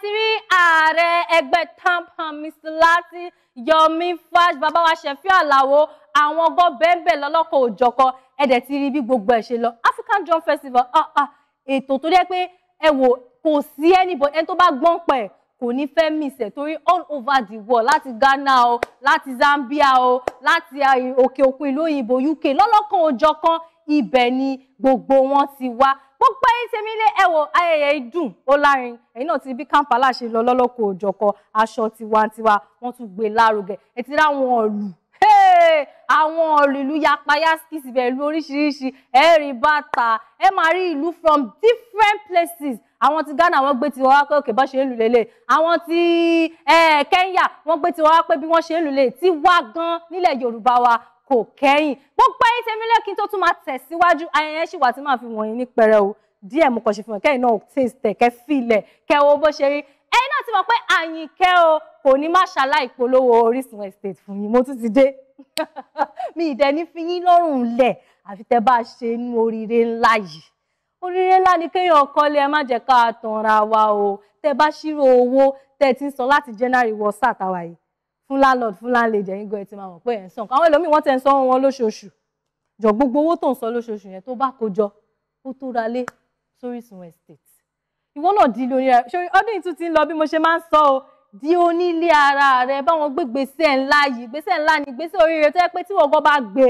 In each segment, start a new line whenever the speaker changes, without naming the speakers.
ti rí ààrẹ ẹgbẹ́ tampan um, Mr. Lati Yomi Fash bàbá wa Ṣẹ̀fí àwọn ọgọ́ bẹ́ẹ̀bẹ́ẹ̀ lọ́lọ́kọ̀ òjọ̀kọ ẹ̀dẹ̀ ti rí bí gbogbo ẹ̀ ṣe lọ African Drum Festival ah, ah, ètò tó jẹ́ pé ẹ wò kò sí anybody ẹni tó bá gbọ́n pẹ̀ kò ní fẹ́ mìsẹ̀ torí all over the world láti Ghana o láti Zambia o láti ah, òkè òkun ìlú òyìnbó UK lọ́lọ́kan òjọ̀kan ibẹ̀ ni gbogbo wọn ti wá gbogbo ẹ̀yin tèmi lé ẹ wo ayẹyẹ ìdùn ó lárin ẹ̀yin náà ti bí kàǹpálà ṣe lọ lọlọkọ òjọkọ aṣọ tiwantiwa wọ́n tún gbé e lárugẹ ẹ ti ráwọn ọlù àwọn ọlù ìlú yapayaski síbẹ̀ ìlú oríṣiríṣi ẹ rí bàtà ẹ máa rí ìlú from different places àwọn ti Ghana wọ́n gbé tiwọn wá pé òkè bá ṣe ń lù lélẹ̀ àwọn ti eh, Kenya wọ́n gbé tiwọn wá pé bí wọ́n ṣe ń lù lélẹ̀ tiwa gan nílẹ̀ Yorùbá wa kò kẹ́yìn gbogbo ayé tèmi lẹ́kìn tó tún máa tẹ̀síwájú ayẹyẹ ṣì wà tí màá fi wọ̀nyí ní pẹrẹ o díẹ̀ mo kàn ṣe fi hàn kẹ́yìn náà tèstẹ̀ kẹ́ filẹ̀ kẹ́ wo bó ṣe rí ẹ̀yin náà ti mọ̀ pé àyìnkẹ́ o kò ní má ṣaláì polówó Orísun estate fún yín mo tún ti dé mi ì dẹni fi yín lọ́rùn lẹ̀ àfi tẹ́ bá ṣe inú oríire ńlá yìí oríire ńlá ni kéèyàn kọ́lé ẹ má jẹ́ ká tanra wa o tẹ́ bá ṣírò owó tẹ́ ti ń sọ láti January wọ sáà táwa yìí fún landlord fún landlady ẹ̀yin gan ẹ ti máa mọ̀ pé ẹ̀ ń san àwọn ẹlòmíì wọ́n ti ń san wọn lóṣooṣù jọ gbogbo owó tó ń san lóṣooṣù yẹn tó bá kó jọ ó tó ra lé sórísun estate ìwọ náà di lórí rẹ ṣe ọdún yìí tún ti ń lọ bí mo ṣe máa ń sọ o di onílé ara rẹ báwọn gbé gbèsè ńlá yìí gbèsè ńlá ni gbèsè oríire tó yẹ pé tí wọ́n gan bá gbé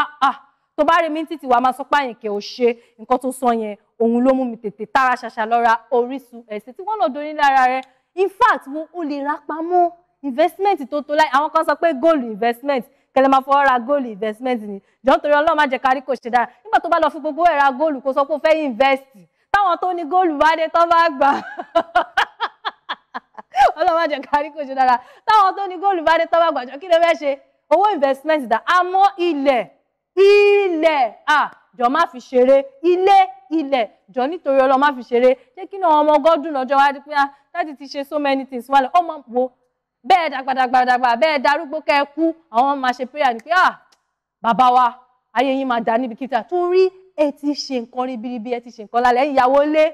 ah ah tó bá rí mi títí wàá máa sọ pé àyìnkẹ́ ò ṣe nǹkan tó sọ yẹn òun ló mú mi tètè tára ṣàṣà lọ Orísun estate tí wọ́n náà di onílé rẹ in fact wọn ò lè ra pamọ́ investment tó tó láì àwọn kan sọ pé góòlù investment kẹlẹ máa fọwọ́ ra góòlù investment ni jọ́n torí ọlọ́run má jẹ́ kárí kò ṣe dára nígbà tó bá lọ fún gbogbo ẹ̀ góòlù kó sọ pé ó fẹ́ invest táwọn tó ní góòlù bá dé tán bá gbà ọlọ́run má jẹ́ kárí kò ṣe dára táwọn tó ní góòlù bá dé tán bá gbà jọ kí ló fẹ́ ṣe owó investment dá àmọ́ ilẹ̀ ilẹ̀ ah jọ má fi ṣeré ilé ilẹ̀ jọ nítorí ọlọ́run má fi ṣeré jẹ́ kí náà ọmọ ọgọ́dún lọ́jọ́ wá dípẹ́ ah ti ṣe so many things wálé ọmọ wo bẹ́ẹ̀ dàgbàdàgbàdàgbà bẹ́ẹ̀ darúgbó kẹ́ ẹ kú àwọn máa ṣe prayer ni pé ah bàbá wa ayé yín máa dà níbi kíta torí ẹ ti ṣe nǹkan ribiribi ẹ ti ṣe nǹkan lálẹ́ ìyàwó lé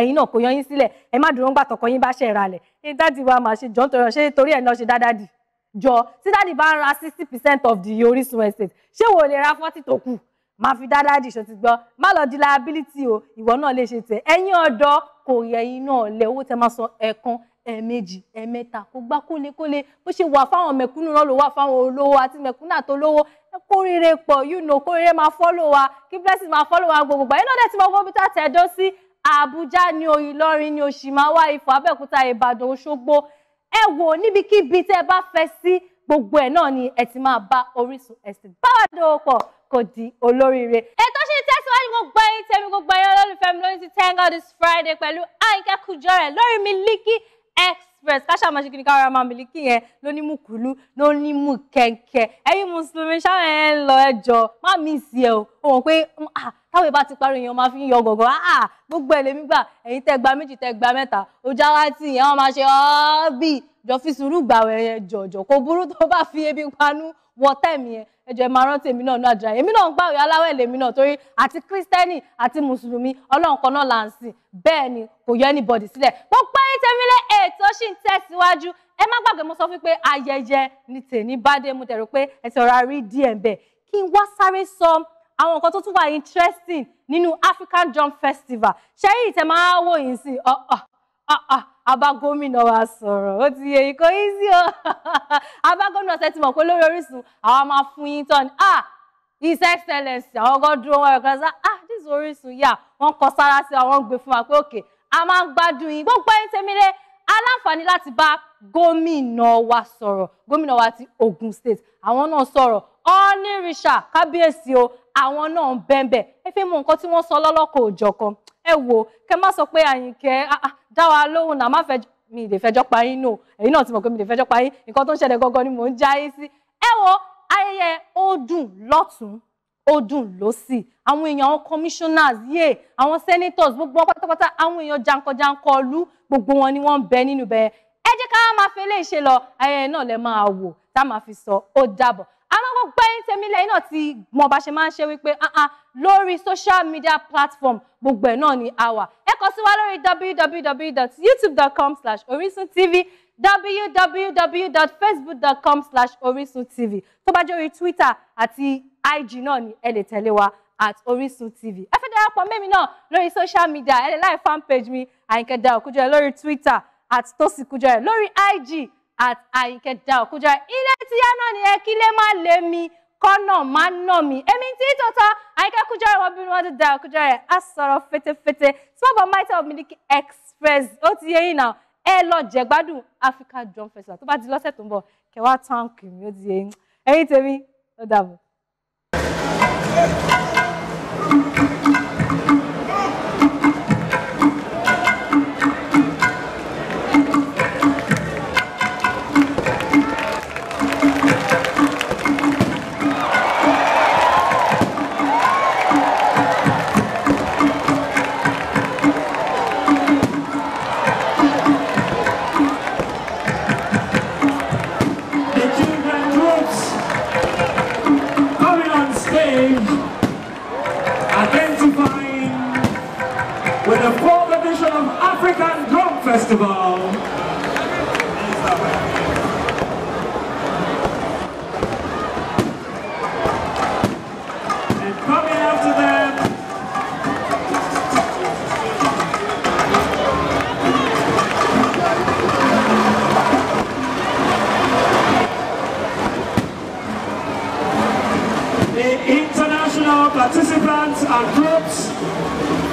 ẹ̀yin náà kò yan yín sílẹ̀ ẹ má dúró ń gbà tọkọ yín bá ṣe ìralẹ̀ ní dáàdì wa máa ṣe jọ́ ń tọrọ ṣé torí ẹ̀ náà ṣe dáadáa dì jọ tí dáàdì bá ń ra sixty percent of the Orísun estate ṣé wo lè ra forty tó kù máa fi dáadáa dì ṣòtì gbọ́ má lọ di liability o ìwọ náà lè ṣe tẹ̀ ẹ̀yin ọ̀dọ́ kò yẹ yín lẹ owó tẹ máa san ẹ̀ẹ̀kan ẹ̀ẹ̀mejì ẹ̀ẹ̀mẹ́ta kó gbá kólékólé bó ṣe wà fáwọn mẹ̀kúnnù náà ló wà fáwọn olówó àti mẹ̀kúnnù àtolówó kórìíre pọ̀ you know kórìíre máa fọ́lọ̀ wa kí blessing máa fọ́lọ̀ wa gbogbo gbàyẹ́ náà dẹ̀ tí mo fọ́ bí tá tẹ̀ dó sí àbújá ni o ìlọrin ni o sì máa wá ifọ̀ abẹ́òkúta ìbàdàn òṣogbo ẹ wò níbikíbi tẹ́ ẹ bá fẹ́ sí gbogbo ẹ̀ náà ni ẹ ti máa bá Orísun ẹ̀sìn báwa dòwòpọ̀ kò di olóríire. ètò ṣì ń tẹ̀síwájú gbogbo ẹ̀yin tèmi gbogbo ẹ̀yin olólùfẹ́ mi lórí ti Thank God It's Friday pẹ̀lú Àyìnkẹ́ Kújọrẹ̀ lórí Miliki express káṣá máa ṣe kí ni káwọn máa Miliki yẹn ló ní mùkúlú ló ní mùkẹ́ńkẹ́ ẹ̀yin mùsùlùmí ṣáà ẹ̀ ń lọ ẹjọ́ má mi sí ẹ o ó mọ̀ pé mm, táwọn ìbá ti parí èèyàn máa fi ń yọ gọ̀gọ̀ áà gbogbo ẹ̀ lèmi gbà ẹ̀yin tẹ́ gba méjì tẹ́ gba mẹ́ta ojú ara tì yẹn wọ́n máa ṣe ọ́ọ́bì jọ fi sùúrù gbà wẹ̀yẹ jọ̀jọ̀ kò burú tó bá fi ebi panú wọ tẹ̀mí ẹ ẹjọ ẹ máa rántí èmi náà náà àdúrà èmi náà ń gbàwé aláwẹ̀ lèmi náà torí àti kírísítẹ́nì àti mùsùlùmí ọlọ́run kan náà là ń sìn bẹ́ẹ̀ ni kò yọ anybody sílẹ̀ gbogbo ẹ̀yin tẹ́mílé ètò ṣì ń tẹ̀síwájú ẹ má gbàgbé mo sọ fún pé ayẹyẹ ni tèmi bá dé mo tẹ̀rù pé ẹ ti ọ̀rá rí díẹ̀ bẹ́ẹ̀ kí n wá sáré sọ àwọn nǹkan tó tún wà interesting nínú African Drum Festival ṣẹ́yìn ìtẹ̀ máa wò yín sí ọ̀ ọ̀ ọ̀ ọ̀ abá gómìnà wa sọ̀rọ̀ ó ti yẹ ikọ̀ easy o abá gómìnà ṣe ti mọ̀ pé lórí Orísun àwa máa fún yín tán ni ah his excellence àwọn ọgọ́ dúró wọn ẹ̀ka sá ah this Orísun yà wọ́n kọ sára sí àwọn gbé fún wa pé òkè a máa ń gbádùn yín gbogbo ẹ̀yin tèmi lé aláǹfààní láti bá gómìnà wa sọ̀rọ̀ gómìnà wa ti Ogun State àwọn náà sọ̀rọ̀ Ọ̀nìrìṣà kábíyèsí o àwọn náà ń bẹ́ẹ̀ bẹ́ẹ̀ ẹ fi mú nǹkan tí wọ́n sọ lọ́lọ́kọ̀ òjọ̀kan ẹ wò kẹ má sọ pé àyìnkẹ́ dá wa lóhùn náà má fẹ́ mi lè fẹjọ́ pa yín nù èyí náà ti mọ̀ pé mi lè fẹjọ́ pa yín nǹkan tó ń ṣẹlẹ̀ gangan ni mò ń já yín sí ẹ wo ayẹyẹ ó dùn lọ́tún ó dùn lọ́sì àwọn èèyàn àwọn commissioners yé àwọn senators gbogbo wọn pátápátá àwọn èèyàn jankanjankan ọlú gbogbo wọn ni wọ́n ń bẹ nínú bẹ́ẹ̀ ẹ jẹ́ ká máa fi eléyìí ṣe lọ ayẹyẹ náà lẹ máa wò tá máa fi sọ ó dàbọ̀ kọ́kọ́ gbé tèmi lẹ́yìn náà ti mọ bá ṣe máa ń ṣe wípé lórí social media platform gbogbo ẹ̀ náà ni a wà ẹ kọ sí wa lórí www.youtube.com/orisuntv www.facebook.com/orisuntv tó bá jẹ́ orí twitter àti ig náà ni ẹ lè tẹ̀lé wa at Orisun TV. Ẹ fẹ́ darapọ̀ mẹ́mi náà lórí social media, ẹ lè like fan mi, Àyìnkẹ́ Dayọ̀ Kújọrẹ̀ lórí Twitter at Tosi Kújọrẹ̀ lórí IG at àyìnkẹ́dà òkújọ ilé tí yá náà ni ẹ kí lè má lè mi kọ́nà má nà mí èmi tí tòótọ́ àyìnkẹ́ kújọ rẹ̀ wọ́n bínú wọ́n ti da òkújọ rẹ̀ á sọ̀rọ̀ fetefete small but mighty of Miliki Express ó ti yẹ yín náà ẹ lọ jẹ̀gbádùn Africa Drum Festival tó bá di lọ́sẹ̀ tó ń bọ̀ kẹwàá táǹkì mi ó ti yẹ yín ẹ̀yin tèmi ó dàbọ̀.
Festival. And coming after them, the international participants and groups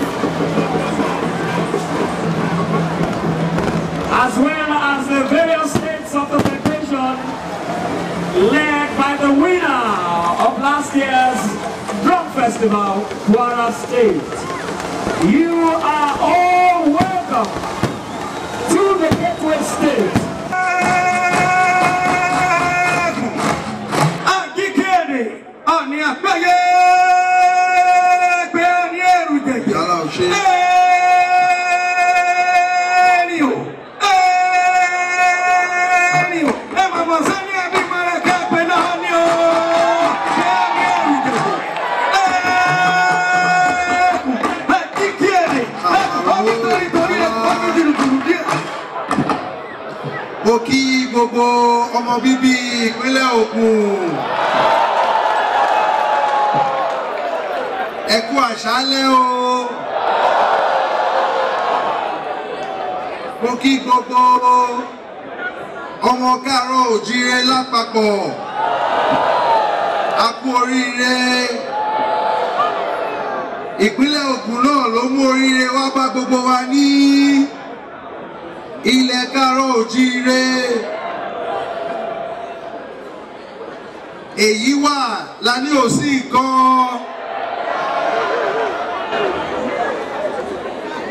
as well as the various states of the federation led by the winner of last year's drum festival, Guara State. You are all welcome to the Gateway State.
Agikere, Ani ọmọ bíbí ìpínlẹ̀ Ògùn ẹ àṣálẹ́ o mo kí gbogbo ọmọ káàárọ̀ òjíire lápapọ̀ a kú oríire ìpínlẹ̀ Ògùn náà ló mú oríire wá bá gbogbo wa ní ilẹ̀ káàárọ̀ òjíire. èyí wà la ní òsì kan.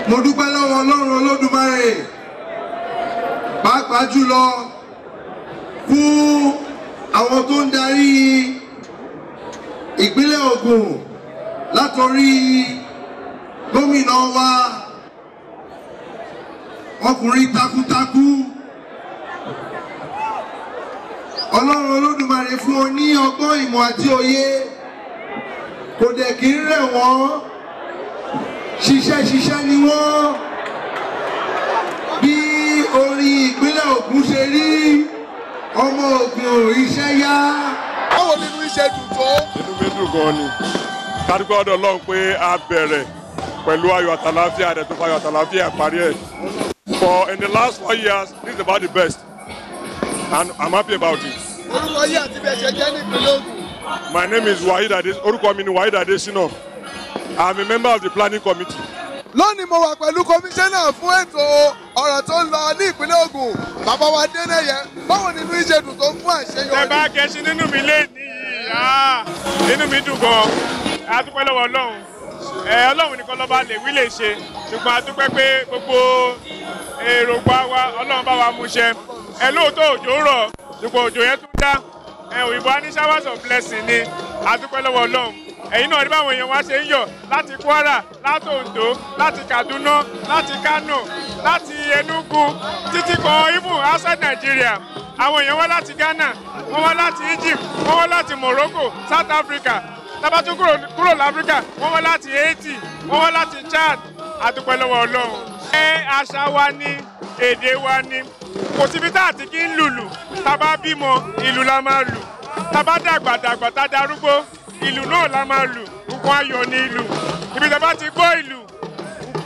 mo dúpẹ́ lọ́wọ́ ọlọ́run olódùmarè pàápàá jùlọ fún àwọn tó ń darí ìpínlẹ̀ Ògùn látọrí gómìnà wa ọkùnrin takuntakun ọlọ́run olódùmarè. Olódùmarè fún ọ ní ọgbọ́n ìmọ̀ àti òye kò dẹ̀ kí ń rẹ̀ wọ́n ṣiṣẹ́ ṣiṣẹ́ ni wọ́n bí orin ìpínlẹ̀ Ògùn ṣe rí
ọmọ Ògùn iṣẹ́ yá. báwo nínú iṣẹ́ dùn tó. inú mi dùn gan-an ni kádùkọ́ ọ̀dọ̀ Ọlọ́run pé a bẹ̀rẹ̀ pẹ̀lú ayọ̀ àtàláfíà rẹ̀ tó fayọ̀ àtàláfíà parí ẹ̀. for in the last four years this is about the best and I'm happy about it
orúkọ yìí àti bí ẹ̀ṣẹ̀ jẹ́ nípínlẹ̀ Ògùn.
My name is Waheed Adesina orúkọ mi ni Waheed Adesina I am a member of the planning committee.
Lónìí mo wà pẹ̀lú komisanna fún ètò ọ̀rọ̀ tó ń lọ ní ìpínlẹ̀ Ògùn bàbá wa Dénẹ́yẹ báwo nínú ìṣèdùn tó ń fún àṣeyọrí. Ẹ bá kẹ́sí nínú mi lé ní ìyá ah, inú mi dùn gan-an
a dúpẹ́ lọ́wọ́ Ọlọ́run ẹ Ọlọ́run nìkan lọ́ba lè wí lè ṣe ṣùgbọ́n a pé gbogbo èròǹgbà wa Ọlọ́run bá wa mú ṣẹ ẹ lóòótọ́ òjò rọ̀ ipò òjò yẹn tún dá òyìnbó á ní showers of blessing ni a dúpẹ́ lọ́wọ́ ọlọ́run ẹ̀yin náà rí báwọn èèyàn wá ṣe ń yọ̀ láti Kwara láti Ondo láti Kaduna láti Kano láti Enugu títí kan even outside Nigeria àwọn èèyàn wá láti Ghana wọ́n wá láti Egypt wọ́n wá láti Morocco South Africa tábà tún kúrò láfíríkà wọ́n wá láti Haiti wọ́n wá láti Chad a dúpẹ́ lọ́wọ́ ọlọ́run ẹ àṣà wa ni èdè wa ni kò síbi tá a ti kí ń lùlù tá a bá bímọ ìlù la máa lù tá a bá dàgbà dàgbà tá a darúgbó ìlù náà la máa lù nǹkan ayọ̀ ni ìlù ibi tá a bá ti gbọ́ ìlù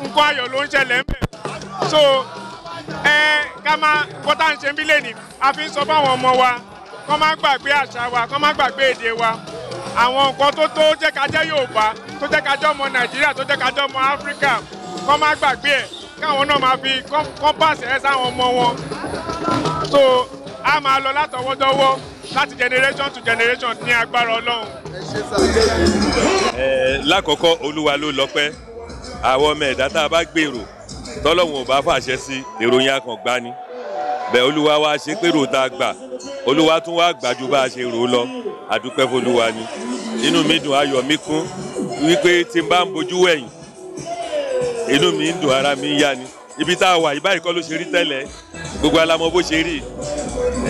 nǹkan ayọ̀ ló ń ṣẹlẹ̀ ń bẹ̀ so ẹ ká máa bọ́tà ń ṣe ń bí lẹ́nìí a fi ń sọ fáwọn ọmọ wa kọ́ má gbàgbé àṣà wa kọ́ má gbàgbé èdè wa àwọn nǹkan tó tó jẹ́ ká Yorùbá tó jẹ́ ká ọmọ Nàìjíríà tó jẹ́ ká ọmọ Áfíríkà kọ́ má gbàgbé ẹ̀ káwọn náà máa fi kọ́mpáàsì ẹ sáwọn ọmọ wọn so a máa lọ látọwọ́dọ́wọ́ láti generation to generation ní agbára ọlọ́run.
lákọ̀ọ́kọ́ olúwa ló lọ́pẹ́ àwọn ọmọ ẹ̀dá tá a bá gbèrò tọ́lọ́hún ò bá fàṣẹ sí ìròyìn akàngbani bẹ́ẹ̀ olúwa wa ṣe pérò tá a gbà olúwa tún wá gbà ju bá a ṣe rò ó lọ àdúpẹ́ fọlúwa ni inú mi dùn ayọ̀ mi kún wípé tí n bá ń bojú wẹ̀yìn inú mi ń dùn ara mi ń yá ni ibi tá a wà ìbáyìí kọ́ ló ṣe rí tẹ́lẹ̀ gbogbo alamọ bó ṣe rí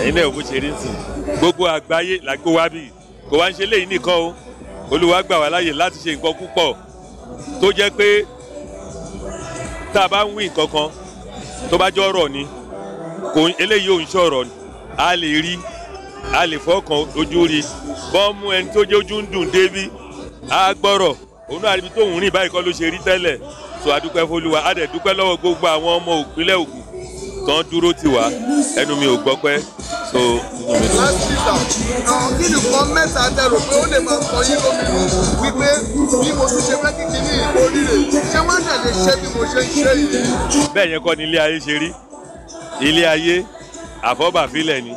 ẹ̀yin náà bó ṣe rí sí gbogbo àgbáyé làgbo wa bì kò wá ń ṣe léyìn nìkan o olúwa gbà wá láàyè láti ṣe nǹkan púpọ̀ tó jẹ́ pé tá a bá ń wí nǹkan kan tó bá jọ ọ̀rọ̀ ni kò eléyìí ò ń ṣọ̀rọ̀ a lè rí a lè fọkàn ojú rí bọ́ọ̀mù ẹni tó jẹ́ ojú ń dùn débi a gbọ́rọ̀ òun náà ibi tóun rìn báyìí kọ́ ló ṣe rí tẹ́lẹ̀ so adúpẹ́ fọlúwa a dẹ̀ dúpẹ́ lọ́wọ́ gbogbo àwọn ọmọ ìpínlẹ̀ Ògùn tó ń dúró tì wá ẹnu mi ò gbọ́pẹ́ so.
last season àwọn kí nìkan mẹ́ta tẹ rò pé ó lè máa kọ yín lómìnira wípé bí mo ti ṣe fẹ́ kí kìíní ìbò rírè ṣé wọ́n dẹ̀ lè ṣe bí mo ṣe ń ṣe yìí.
bẹ́ẹ̀ yẹn kọ́ ni ilé ayé ṣe rí ilé ayé àfọ́bàfilẹ̀ ni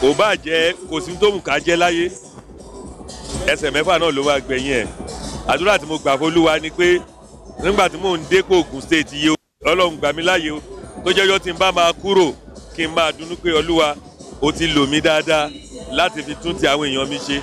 kò bá jẹ́ kò sí tó mú ká jẹ́ láyé ẹsẹ̀ mẹ́fà náà ló máa gbẹ̀yìn ẹ̀ àdúrà tí mo gbà fọlúwa ni pé nígbà tí mò ń dé kó Ògùn state yìí Ọlọ́run gbà mí láàyè o tó jẹ́jọ́ tí n bá máa kúrò kí n máa dunnú pé Olúwa ó ti lò mí dáadáa láti fi tún ti àwọn èèyàn mi ṣe.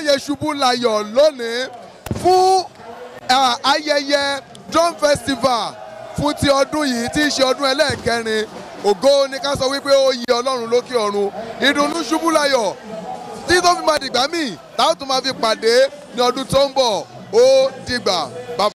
Oyèṣubúláyọ̀ lónìí fún ayẹyẹ drum festival fún ti ọdún yìí tí í ṣe ọdún ẹlẹ́ẹ̀kẹrin ògo ni ká sọ wípé ó yẹ ọlọ́run lókè ọ̀run ìdùnnú ṣubúlayọ̀ tí tó fi máa dìgbà míì táwọn tó máa fi pàdé ní ọdún tó ń bọ̀ ó dìgbà.